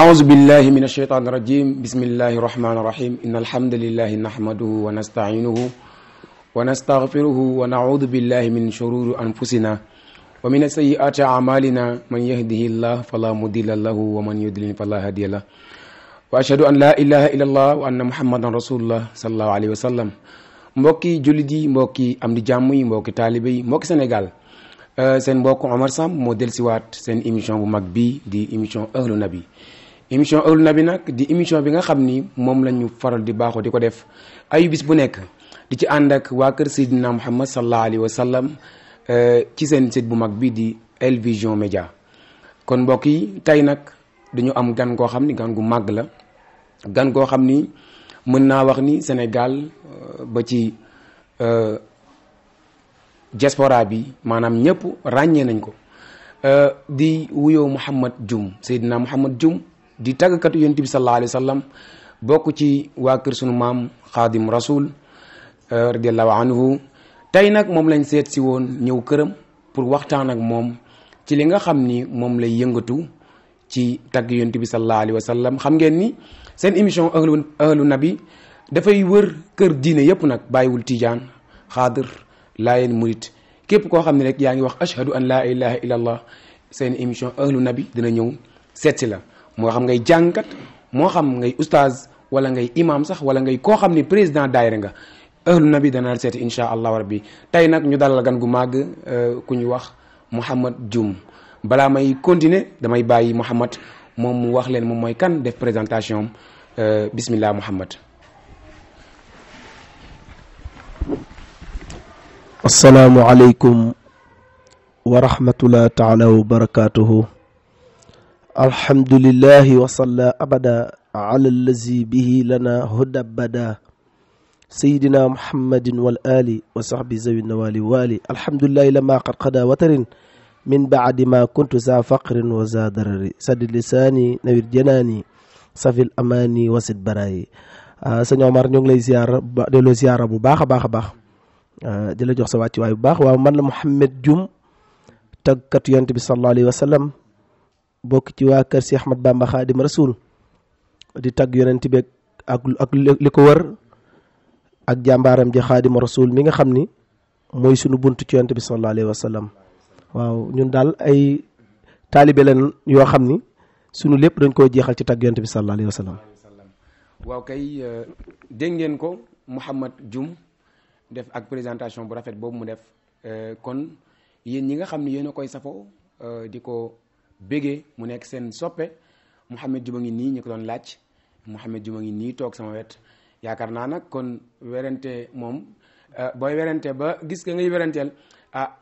أعوذ بالله من الشيطان الرجيم بسم الله الرحمن الرحيم إن الحمد لله نحمده ونستعينه ونستغفره ونعوذ بالله من شرور أنفسنا ومن سيئات أعمالنا من يهده الله فلا مضل له ومن يضلل فلا هادي له وأشهد أن لا إله إلا الله وأن محمدا رسول الله صلى الله عليه وسلم موكي jullit موكي أمد am موكي jàmm موكي سنغال سن بوكو عمر سام seen سوات سن Samb بمكبي دي seen أهل bu émission Euhlou bi nag di émission bi nga xam ni moom la ñu faral di baaxoo di ko def ayu bu nekk di ci ànd ak waa kër Seydina Muhammad sallallahu alayhi wa sallam euh, ci seen site bu mag bi di El Média kon mbokk yi tey nag dañu am gan koo xam ni gan gu màgg la gan koo xam ni mën naa wax ni Sénégal euh, ba ci euh, diaspora bi maanaam ñëpp ràññee nañ ko di wuyoo Mouhamad Dioum Seydina Mouhamad Dioum di tàggkatu yonent bi sallallahu alayhi wa sallam bokk ci waa kër sunu maam xaadim rasul euh, radiallahu anhu tey nag moom lañ seet si woon ñëw këram pour waxtaan ak moom ci li nga xam ni moom lay yëngatu ci tagg yonent bi sallallahu alayhi wa sallam xam ngeen ni seen émission ahlu ahlu nabi dafay wër kër diine yëpp nag bàyyiwul tijaan xaadir laayeen murit képp koo xam ne rek yaa ngi wax ashhadu an laa ilaha illa allah seen émission ahlu nabi dina ñëw seet si la mo xam ngay jàngkat mo xam ngay oustaz wala ngay imam sax wala ngay ko xamni président daire nga ahlu nabi dana set insha allah rabbi tay nak ñu dalal gan gu mag kuñu wax mohammed djum bala may continuer damay bàyyi mohammed mom mu wax len mom moy kan def présentation bismillah mohammed السلام عليكم ورحمه الله تعالى وبركاته الحمد لله وصلى أبدا على الذي به لنا هدى بدا سيدنا محمد والآل وصحبه زوي النوال والي الحمد لله لما قد قدى وتر من بعد ما كنت زا فقر وذا ضرر سد لساني نوير جناني صفي الأماني وسد براي آه سنة عمر نيوغ لي زيارة ديلو زيارة بو باخ باخ باخ آه، ديلو سواتي واي باخ ومن محمد جم تقت يونت بصلى الله عليه وسلم bokk ci waa kër si Ahmad Bamba Xaadim Rasul di tagg yonent bi ak li ko wër ak jàmbaaram ji Xaadim Rasul mi nga xam ni mooy sunu bunt ci yonent bi sallallahu alayhi wa sallam waaw ñun daal ay taalibe leen yoo xam ni sunu lépp dañ koo jeexal ci tagg bi sallallahu alayhi wa sallam kay euh, dégg ngeen ko Mouhamad jum def ak présentation bu rafet boobu mu def euh, kon yéen ñi nga xam ni yéen a koy safoo euh, di ko bege mu nek sen soppe mohammed nyekodon ngi ni ñi ko don lacc mohammed djuma ngi ni tok sama wet kon wérenté mom euh, boy wérenté ba gis nga ngay wérentel ah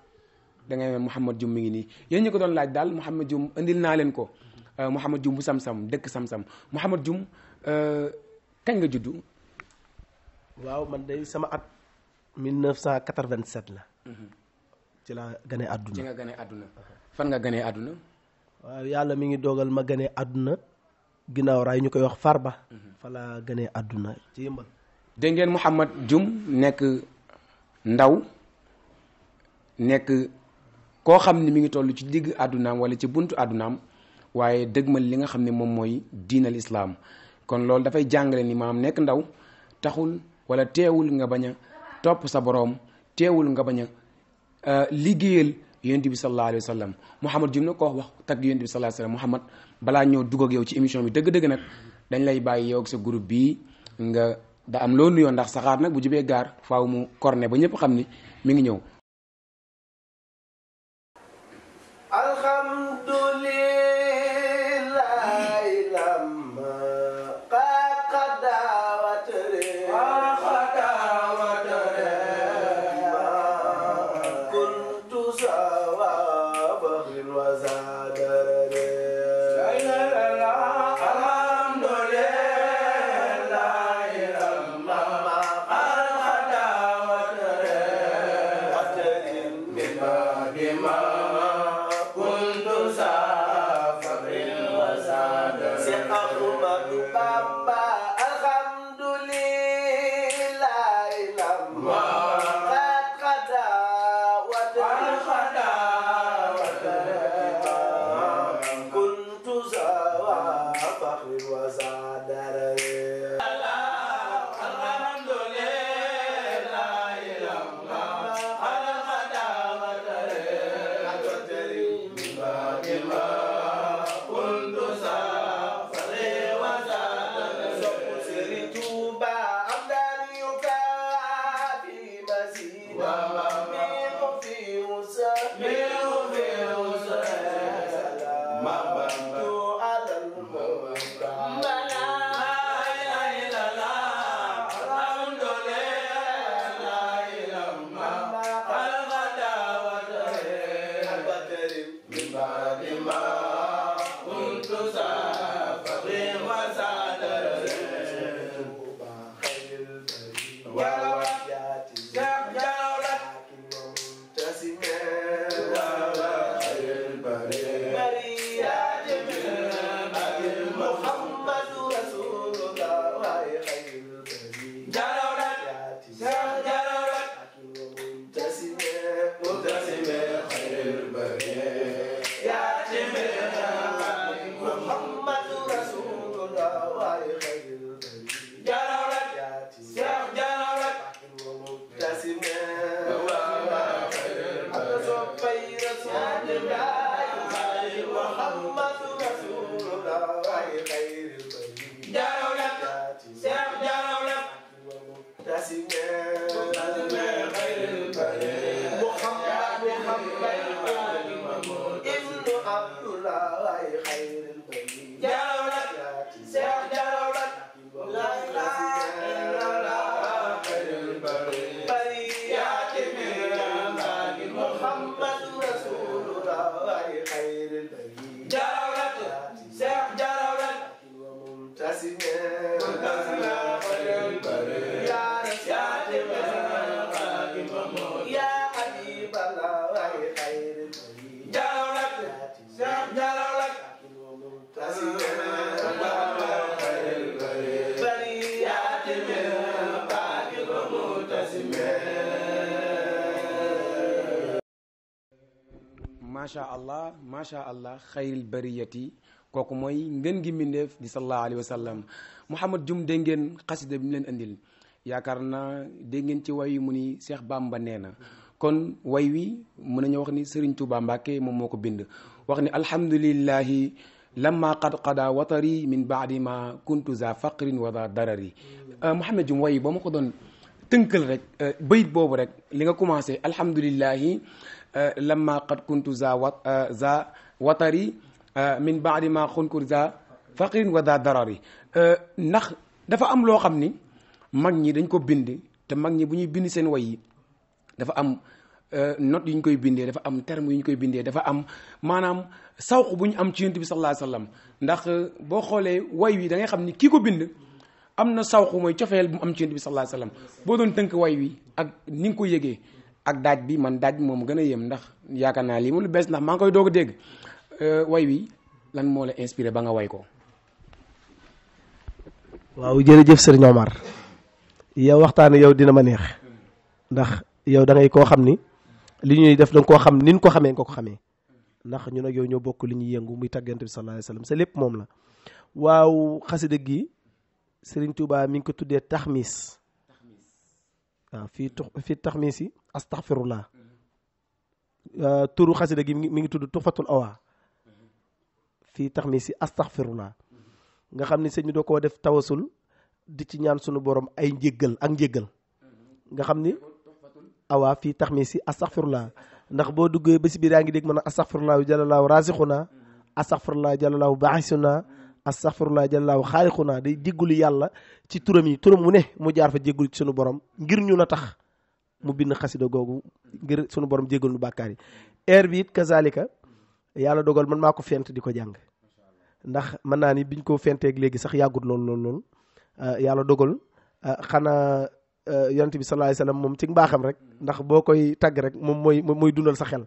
da ngay mel Mouhamed Dioum mi ngi ni yeen ñi ko don lacc dal mohammed djum indil na len ko euh, mohammed djum bu sam-sam dekk sam-sam djum euh kañ nga juddu waaw man day sama at 1987 la mhm. ci la gane aduna ci nga gane aduna fan nga gane aduna waaw yàlla mi ngi doogal ma gënee àdduna ginnaaw raay ñu koy wax Farba. ba laa gënee àdduna ci yëmbal. dégg ngeen Mouhamad Dioum nekk ndaw nekk koo xam ni mu ngi toll ci digg àddunaam wala ci buntu àddunaam waaye dëgg dëgmal li nga xam ni moom mooy diinal islaam kon loolu dafay jàngale ni maam nekk ndaw taxul wala teewul nga bañ a topp sa boroom teewul nga bañ a euh, liggéeyal. yonent bi sallallahu alayhi wa sallam Mouhamad jum na ko wax tagg yonent bi sallallahu alayhi wa balaa ñëw dugg yow ci émission bi dëgg-dëgg nag dañ lay bàyyi yow ak sa groupe bii nga da am loolu nuyoo ndax saxaar nag bu jubee gaar faaw mu corné ba ñëpp xam ni mi ngi ñëw فخر وسعد closer. Uh, macha allah macha allah xayril bariyati kooku mooy ngën gi mbindeef di sallallahu alayhi wa sallam Mouhamad Dioum dégg ngeen xasida bi mu leen andil yaakaar naa dégg ngeen ci way wi mu ni Cheikh Bamba nee na kon way wi mën nañu wax ni Serigne Touba Mbacke moom moo ko bind wax ni alhamdulillahi lamma qad qada watari min baadi ma kuntu za faqrin wa za darari Mouhamad Dioum way ba ma ko doon tënkal rek bayit boobu rek li nga commencé alhamdulillahi آه، لما قد كنت ذا آه، وطري آه، من بعد ما كنت ذا فقر وذا ضرري نخ دفا ام لو خامني ماك ني دنج كو بيندي تا ماك ني بني بيندي سين واي دفا ام نوت يي نكوي بيندي دفا ام تيرم يي نكوي بيندي دفا ام مانام ساوخ بوني ام تي نبي صلى الله عليه وسلم نخ بو خولي واي وي داغي خامني كيكو بيند امنا ساوخ موي تيوفيل بو ام تي نبي صلى الله عليه وسلم بو دون تنك واي وي اك نينكو ييغي ak daj bi man daj mom gëna yëm ndax yaakaar naa lii mu lu bees ndax ma koy doog a euh, way wi lan mo la inspirer ba nga way ko waaw jeuf serigne Omar yow waxtaan yow dina ma neex ndax yow da ngay ko xamni li ñuy def da nga xam nin ko xamé nga ko xamé ndax ñun ak yow ñoo bokk li ñuy yëngu muy tàggante bi sallallahu alayhi wasallam sa lepp mom la waaw xasida gi serigne Touba mi ngi ko tuddé tahmis Ah, fi fi taxmisi astaghfirullah ah, turu xasida gi mi ngi tuddu tufatul awa fi taxmisi astaghfirullah nga xamni ni do ko def tawasul di ci ñaan suñu borom ay njéggal ak njéggal nga xamni ni awa fi taxmisi astaghfirullah ndax bo duggé ba ci biir ya ngi deg mën a astaghfirullah jalalaaw razikhuna astaghfirullah astaghfirullah jallaahu xaaliqu naa day jéggulu yàlla ci turam yi turam mu ne mu jaar fa jéggulu ci borom ngir ñu a tax mu bind xasida googu ngir sunu borom jéggal nu bàkkaar yi air bi it kazalika yàlla dogal man maa ko fent di ko jàng ndax mën naa ni biñ koo fenteek léegi sax yàggut lool lool lool euh, yàlla dogal euh, xanaa euh, yonent bi sallallahu alayhi wasallam moom ci rek ndax boo koy tagg rek moom mooy mooy dundal sa xel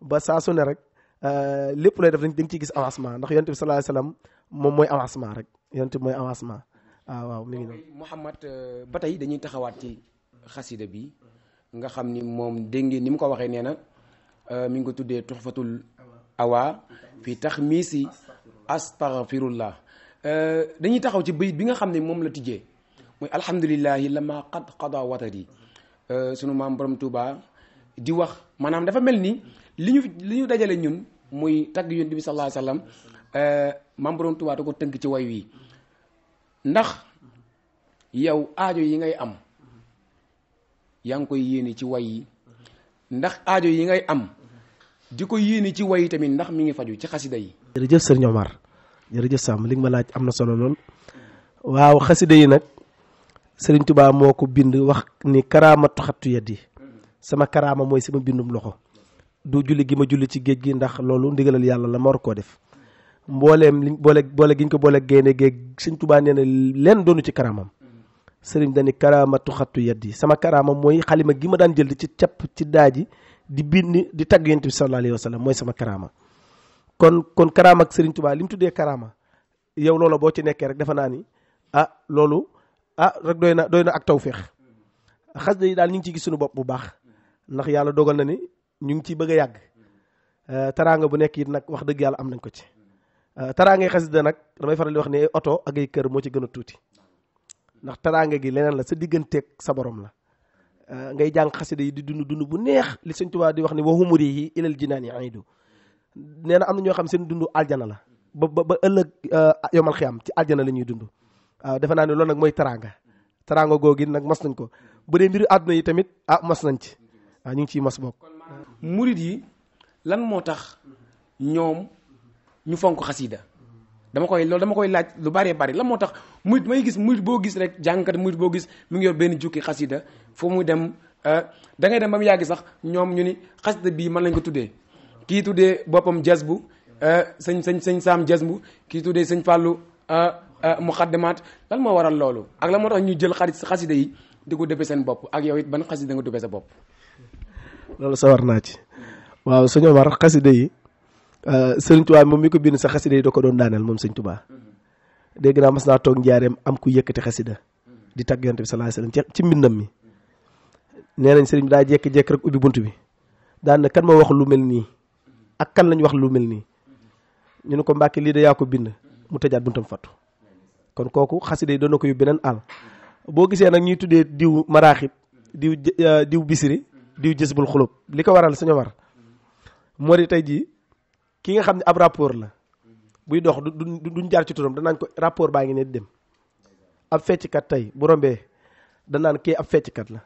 ba saa su ne rek Euh, lépp lay def dañ dañ ciy gis avancement ndax yonent bi sallallahu moom mooy avancement rek yonent bi mooy avancement waaw ah, waaw mi ngi noonu euh, ba tey dañuy taxawaat ci xasida bi nga xam ni moom dégg ngeen ni mu ko waxee nee na euh, mi ngi ko tuddee tuxfatul awaa fi tax miisi astaghfirullah dañuy taxaw ci bayit bi nga xam ne moom la tijjee mooy alhamdulilahi lama qad qada watari sunu maam borom Touba di wax maanaam dafa mel ni li ñu li ñu dajale ñun muy tag yonent bi sallallahu alayhi wasallam eh, mam borom Tuubaa da ko tënk ci way wi ndax yow aajo yi ngay am yang koy yene ci way yi ndax aajo yi ngay am di yene ci way yi tamit ndax mi ngi faju ci xasida yi jërëjëf serigne Omar jërëjëf Sam li nga ma laaj amna solo lol waaw xasida yi nak serigne touba moko bind wax ni karama xattu yeddi sama karama moy sama bindum loxo du julli gi ma julli ci géej gi ndax loolu ndigalal yàlla la ma war koo def mbooleem liñ boole boole giñ ko boole gaynde géej sëñ tubaa nee na leen doonu ci karaamam sëriñ dani karaamatu xattu yaddi sama karaamam mooy xalima gi ma daan jël ci capp ci daaji di di tagg yonent bi sallallahu alayhi wa mooy sama karaama kon kon karaama ak sëriñ tubaa li tuddee karaama yow loola boo ci nekkee rek defe naa ni ah loolu ah rek na doy na ak tawféex xas yi daal ñu ngi ci gis suñu bopp bu baax ndax yàlla dogal na ni ñu ngi ci bëgg a yàgg euh, teraanga bu nekk it nag wax dëgg yàlla am nañ ko ci euh, teraangay xasida nag damay faral di wax ne oto ak ay kër moo ci gën a tuuti ndax teraanga gi leneen la sa digganteeg sa borom la euh, ngay jàng xasida yi di dund dund bu neex li sëñ di wax ni wa humurihi ilal jinaani aidu nee na am na ñoo xam seen dund aljana la ba ba ba ëllëg yomal xiyam ci aljana la ñuy dund waaw defe naa ne loolu nag mooy teraanga teraanga googi nag mas nañ ko bu dee mbiru àdduna yi tamit ah mas nañ ci ñu ngi ciy mas bokk murit yi lan motax ñom ñu fonk khasida dama koy loolu dama koy laaj lu bari bari lan motax tax may gis murit juki gis rek jankat murit bo gis mu ngi yor ben jukki khasida foo mu dem euh, da ngay dem bam yagg sax ñom ñu ni khasida bi man lañ ko tuddee kii tuddee boppam jas bu euh, sëñ sëñ sam jazbu ki tuddé kii fallu sëñ euh, lan mo waral loolu ak lan motax ñu jël khasida yi di ko sen bop ak yow it ban khasida nga dëppe sa bop lolu sawar warna ci waaw suñu war xaside yi euh, serigne touba mom mi ko bind sa xaside yi da ko doon daaneel mom serigne touba dégg na mas naa toog am ku di tag yonte bi sallallahu alayhi wasallam ci mbindam mi nenañ serigne da jek jek rek ubi buntu bi daan na kan ma wax lu melni ak kan lañ wax lu melni ñu ko mbàkke li de ya ko bind mu tejaat buntam fatu kon koku xasida do na ko yu beneen àll boo gisee nag ñuy diw diw euh, diw bisiri diw gis bul xulub li ko waral suñu war moo di tey jii ki nga xam ne ab rapport la buy dox du du duñ jaar ci turam danaan ko rapport baa ngi ne dem ab fecckat tey bu rombee danaan kii ab fecckat la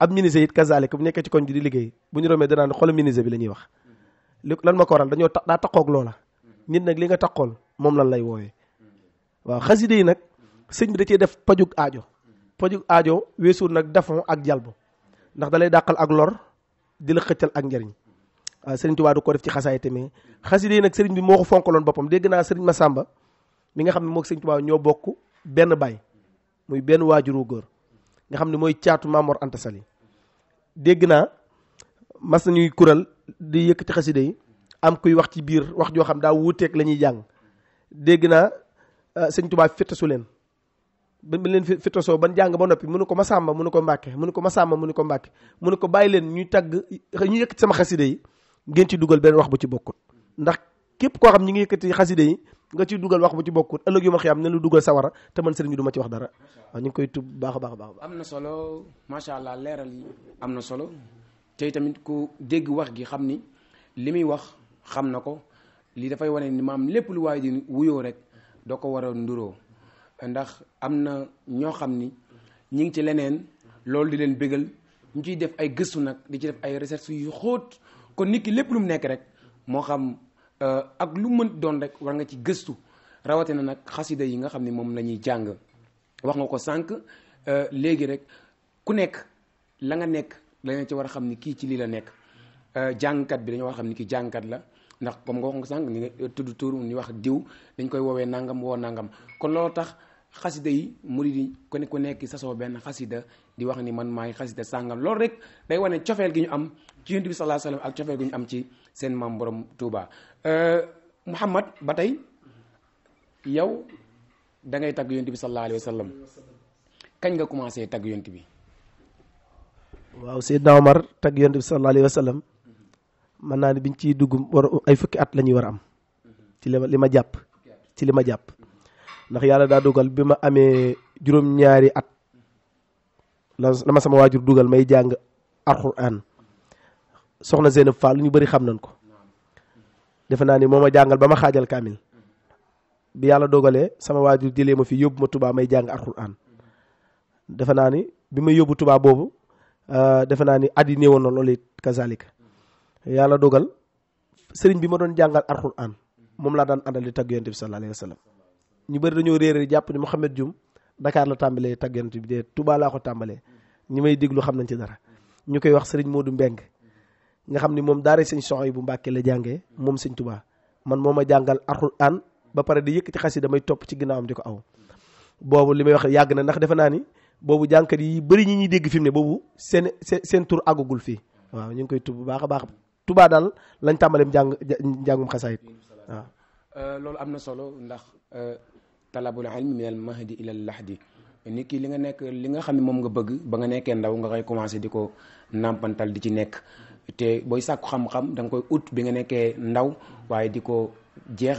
ab ministre it kazaalika bu nekkee ci koñ bi di liggéey bu ñu rombee danaan xoolal ministre bi la ñuy wax li lan ma ko waral dañoo daa taqoog loola nit nag li nga taqool moom lan lay woowee waaw xaside yi nag sëñ bi da cee def pajug aajo pajug aajo weesuur nag dafon ak jalbu ndax dalay dakal ak lor di la xëccal ak njariñ ah, serigne touba du ko def ci xasaay tamé xaside nak serigne bi moko fonkolon bopam dégg serigne masamba mi nga xamni mok moog serigne touba ñoo bokk ben bay muy ben wajuru gor nga xamni moy mooy mamor antassali dégg na mas nañuy kural di yëk ci yi am kuy wax ci bir wax jo xam da wuté ak lañuy jang dégg na ah, serigne touba fétasu len ba leen fi fi ban jàng ba noppi mu ne ko Masamba mu ne ko Mbàkke mu ne ko Masamba mu ne ko Mbàkke mu ko bàyyi leen ñu tagg ñu yëkkati sama xaside yi ngeen ci dugal benn wax bu ci bokkut ndax képp koo xam ni ngi yëkkati xaside yi nga ciy dugal wax bu ci bokkut ëllëg yu ma xiyam ne lu dugal sawara te man sëriñ bi du ma ci wax dara waaw ñu ngi koy tub baax a baax a baax am na solo macha allah leeral yi am na solo tey tamit ko dégg wax gi xam ni li muy wax xam na ko lii dafay wane ni maam lépp lu waay di wuyoo rek doo ko war a nduroo ndax am na ñoo xam ni ñi ngi ci leneen loolu di leen bégal ñu ciy def ay gëstu nag di ci def ay recherche yu xóot kon nit ki lépp lu mu nekk rek moo xam euh, ak lu mën doon rek war nga ci gëstu rawatina nag xasida yi nga xam ni moom la ñuy jàng wax nga ko sànq euh, léegi rek ku nekk la nga nekk la ci war a xam ni kii ci lii la nekk euh, jàngkat bi war a xam ni kii jàngkat la ndax comme nga wax nga sànq ni nga tudd tur ni wax diw dañ koy woowee nangam woo nangam kon loolu tax xasida yi mu yi ku ku nekk sasoo benn xasida di wax ni man maay xasida sàngam loolu rek day wane cofeel gi ñu am ci yonent bi ak cofeel gi ñu am ci seen maam borom Touba. Euh, Mouhamad ba tey yow dangay ngay tagg yonent bi sallallahu alayhi wasallam kañ nga commencé tagg yonent bi. waaw Seydina Omar tagg yonent bi sallallahu mën naa ne biñ ciy dugg war fukki at la war a am. ci li ma jàpp ci li ma jàpp. ndax yàlla daa dogal bi ma amee juróom-ñaari at la sama waajur dugal may jàng alxuraan soxna Zeynab lu ñu bari xam nañ ko defe naa ni moom ma jàngal ba ma xaajal kaamil bi yàlla dogalee sama waajur jëlee ma fi yóbbu ma Touba may jàng alxuraan defe naa ni bi may yóbbu tubaab boobu euh, defe naa ni at yi néewoon na loolu it kazalika yàlla dogal sëriñ bi ma doon jàngal alxuraan moom laa daan àndal di tagg yonent bi sallallahu alayhi ñu bari dañoo réeré jàpp ni Mouhamed Dioum Dakar la tàmbalee tàggant bi de Touba laa ko tàmbalee ñi may diglu xam nañ ci dara ñu koy wax Serigne Modou Mbeng nga xam ni moom daara sëñ soxoy bu Mbàkke la jàngee moom sëñ Touba man moma ma jàngal Alxuraan ba pare di yëkkati xas yi damay topp ci di ko aw bobu li may wax yàgg na ndax defe naa ni boobu jànkat yi bëri ñi ñuy dégg fi ne boobu sen sen tur agu fii waaw ñu ngi koy tub bu baax a baax Touba daal lañ tàmbaleem jàng euh, solo ndax euh, talabul ilmi min al mahdi ila al lahdi Niki ki li nga nek li nga xamni mom nga bëgg ba nga ndaw nga koy commencer di ko di ci nek té boy sakku xam-xam dang koy ut bi nga nekkee ndaw waye diko ko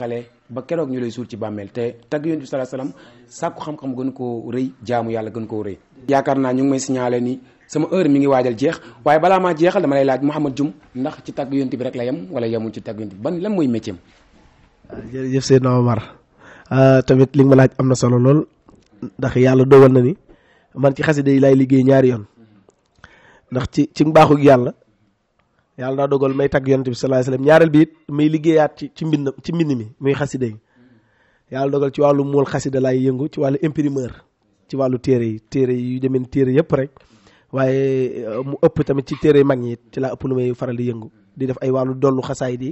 ba kérok ñu lay sul ci bàmmeel te tag yoonu sallallahu alayhi wasallam sakku xam-xam gën ko reuy jaamu yalla gën ko reuy yaakaar naa ñu ngi may signalé ni sama heure mi ngi wajal jeex waye bala ma jeexal dama lay laaj mohammed ndax ci tag yoonu bi rek la yam wala yemul ci tag yoonu ban lan moy métier Ah, tamit li ma laaj amna solo lol ndax yalla dogal na ni man ci xasida lay liggey ñaar yoon ndax ci ci mbaxu yalla yalla da dogal may tag yonte bi sallallahu alayhi wasallam ñaaral bi may liggeyat ci ci mbind ci mbind mi muy xasida yalla dogal ci walu mool xasida lay yëngu ci walu imprimeur ci walu téré téré yu demeen téré yëpp rek waye eh, mu ëpp tamit ci téré mag ñi ci la ëpp lu may faral di yëngu di def ay walu dollu xasaay di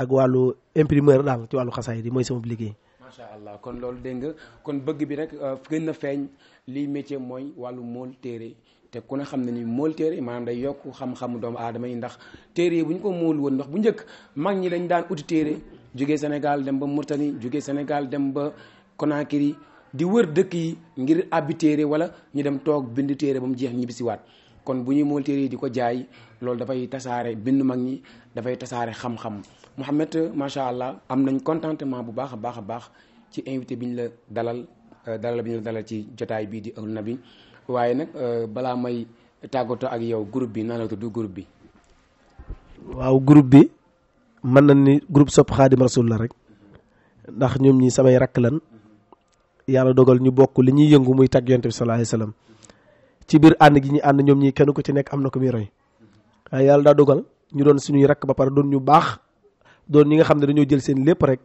ak walu imprimeur dal ci walu xasaay di sama liggey macha allah kon loolu dégg nga kon bëgg bi nag euh, gën na feeñ lii métier mooy wàllu mool téere te ku ne xam ne ni mool téere maanaam day yokk xam doomu aadama yi ndax téere yi bu ñu ko mool woon ndax bu njëkk mag ñi lañ daan uti téere jóge Sénégal dem ba Mauritanie jóge Sénégal dem ba Conakry di wër dëkk yi ngir àbbi téere wala ñu dem toog bind téere ba mu jeex ñibbisiwaat kon bu ñuy mool téere di ko jaay loolu dafay tasaare bind mag ñi dafay tasaare xam-xam Mouhamed macha allah am nañ contentement bu baax a baax a baax ci invité bi ñu la dalal euh, dalal bi ñu la dalal ci jotaay bii di Euhlou Nabi waaye nag euh, balaa may tàggatoo ak yow groupe bi nan la tudd groupe bi. waaw groupe bi mën na ni groupe sopp xaadim rasul la rek ndax ñoom ñi samay rakk lan yàlla dogal ñu bokk li ñuy yëngu muy tag yonte bi sallallahu ci biir ànd gi ñi ànd ñoom ñi kenn ku ci nekk am na ko muy roy waaye yàlla daa dogal ñu doon suñuy rakk ba pare doon ñu baax doon ñi nga xam ne dañoo jël seen lépp rek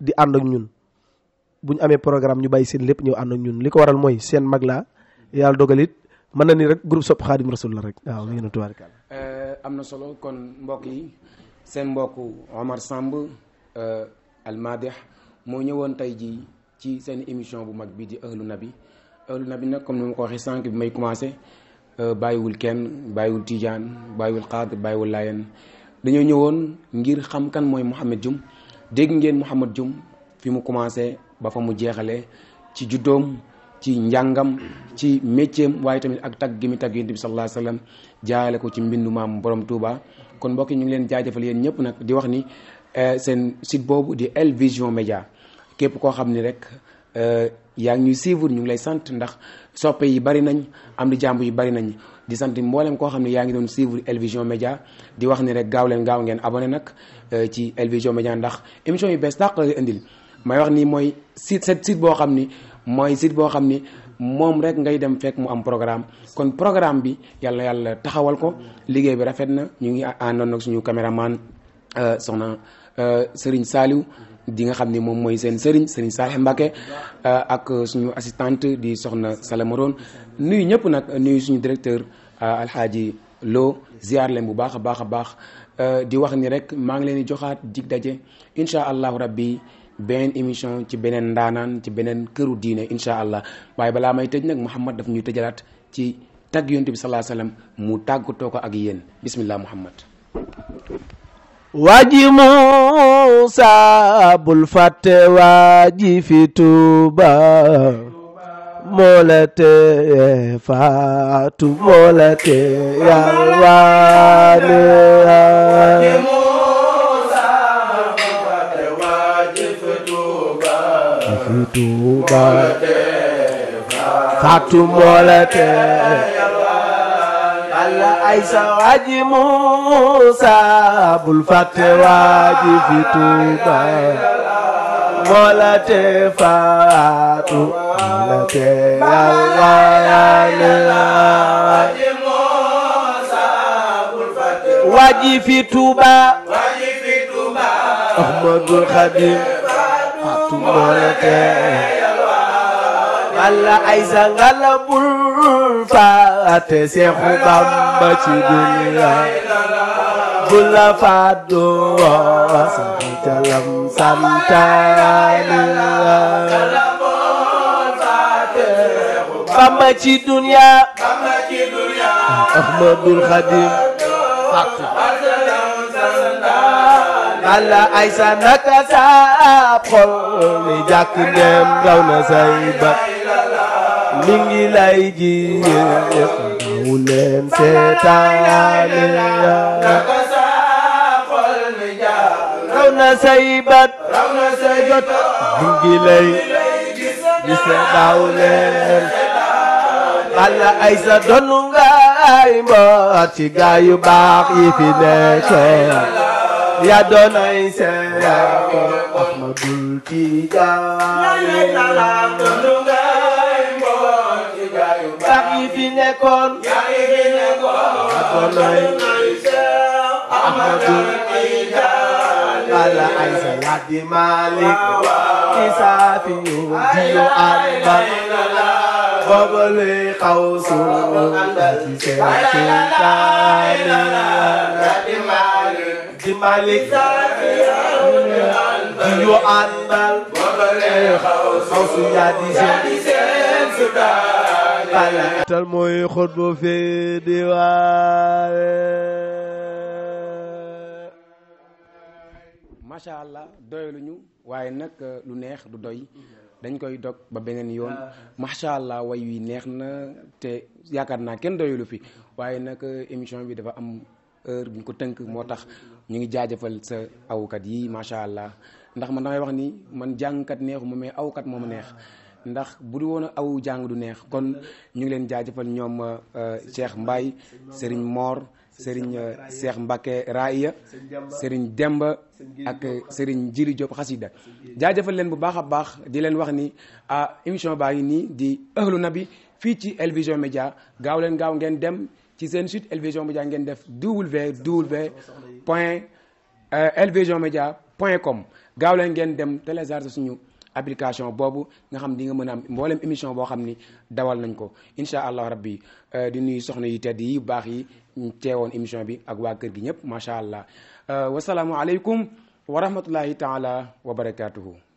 di ànd ak ñun bu ñu amee programme ñu bàyyi seen lépp ñëw ànd ak ñun li ko waral mooy seen mag laa yàlla dogalit mën na ni rek groupe sopp xaadim rasul la rek waaw mi ngi na tubaarkàlla euh, am na solo kon mbokk yi seen mbokku Omar Samb euh, almadih moo ñëwoon tey jii ci seen émission bu mag bi di Euhlou Nabi Euhlou Nabi nag comme ni ko waxee sànq bi may commencé euh, bàyyiwul kenn bàyyiwul tijaan bàyyiwul xaadir bàyyiwul layen dañoo ñëwoon ngir xam kan mooy Mouhamed Dioum dégg ngeen Mouhamed jum fi mu commencé ba fa mu jeexale ci juddoom ci njàngam ci métier waaye tamit ak tag gi mu tag yonent bi sallallahu alayhi wasallam jaayale ko ci mbindu maam borom Touba. kon mbokki yi ñu ngi leen jaajëfal yéen ñëpp nag di wax ni eh, seen site boobu di El Vision képp koo xam ni rek eh, yaa ngi ñuy suivre ñu ngi lay sant ndax soppe yi bari nañ am di jàmb yu bari nañ. di sant mboolem koo xam ne yaa ngi doon suivre Elvision Média di wax ni rek gaaw leen gaaw ngeen abonné nag euh, ci Elvision Média ndax émission yi bees dàq la indil may wax ni mooy site set site boo xam ni mooy site boo xam ni moom rek ngay dem fekk mu am programme kon programme bi yàlla yàlla taxawal ko liggéey bi rafet na ñu ngi àndoon nag suñu caméraman euh, soxna euh, Serigne saaliw di nga xam ni moom mooy seen sëriñ sëriñ Saleh Mbacke euh, ak suñu assistante di soxna Salamoroon nuyu ñëpp nag nuy suñu directeur euh, alxaaji Lo ziar leen bu baax a baax a baax euh, di wax ni rek maa ngi leen di joxaat dig daje incha allahu rabbi beneen émission ci beneen ndaanaan ci beneen këru diine incha allah waaye balaa may tëj nag Mouhamad daf ñuy tëjalaat ci tagg yonent bi salaa sallam mu tàggatoo ko ak yéen bismillah Mouhamad. waaji Muusa bul fàtte waaji fi fi Tuuba fi faatu moo la yàlla ay sa waaji Muusa bul fàtte waaji fi Tuuba moo la te faatu moo la te yàlla yàlla waaji fi Tuuba Ahmadul Xadim faatu moo la te walla ay sangala bul faate Seexu Bamba ci dunya bu la fàddoo santalam santaani Bamba ci dunya Ahmadul Xadim Alla ay sa naka sa xol ni jàkk ndem raw na say ba mi ngi lay ji yéen daw leen seetaane yaa raw na say bat raw na say jot mi ngi lay gis daw leen Balla ay sa donu nga ay mboot ci gaa yu baax yi fi nekk yaa ay seen Ahmadul Tijaan fi nekkoon. yaa yi fi nekkoon. kon nooy. Ahmadu Tijaan. ala ay Salaati Maalik. ci saafi yu diyu ànd ak. boobu luy xaw suuf. ci seen sultaani. di Maalik. diyu àndal. boobu luy xaw suuf. xaw suuf yaa di seen. yaa di seen sultaan. pala tal mooy xutbu fi diwaare macha allah doyaluñu waaye nag euh, lu neex du doy dañ koy dog ba beneen yoon ah. macha allah way wi neex na te yaakaar naa kenn doyalu fi waaye nag euh, émission bi dafa am heure bu ñu ko tënk moo tax ñu ngi jaajëfal sa awkat yi macha allah ndax man damay wax ni man jàngkat neexu ma mais awkat moom neex ndax bu du woon a aw jàng du neex kon ñu ngi leen jaajeufal ñom euh, Cheikh mbay Serigne Mor Serigne euh, Cheikh mbake raiya Serigne Demba ak Serigne Jiri Diop khassida jaajeufal leen bu baakha baax di leen wax ni a émission baa ni di ëhlu nabi fi ci elvision media gaaw leen gaaw ngeen dem ci seen site elvision Vision Média ngeen def www.elvisionmedia.com euh, gaaw leen ngeen dem télécharger suñu application bobu nga xam di nga mëna a émission bo xamni dawal nañ ko incha allah rabbi di nuy soxna yi tedd yi bax yi téwon émission bi ak wa kër gi ñëpp macha allah alaykum wa rahmatullahi taala wa barakatuh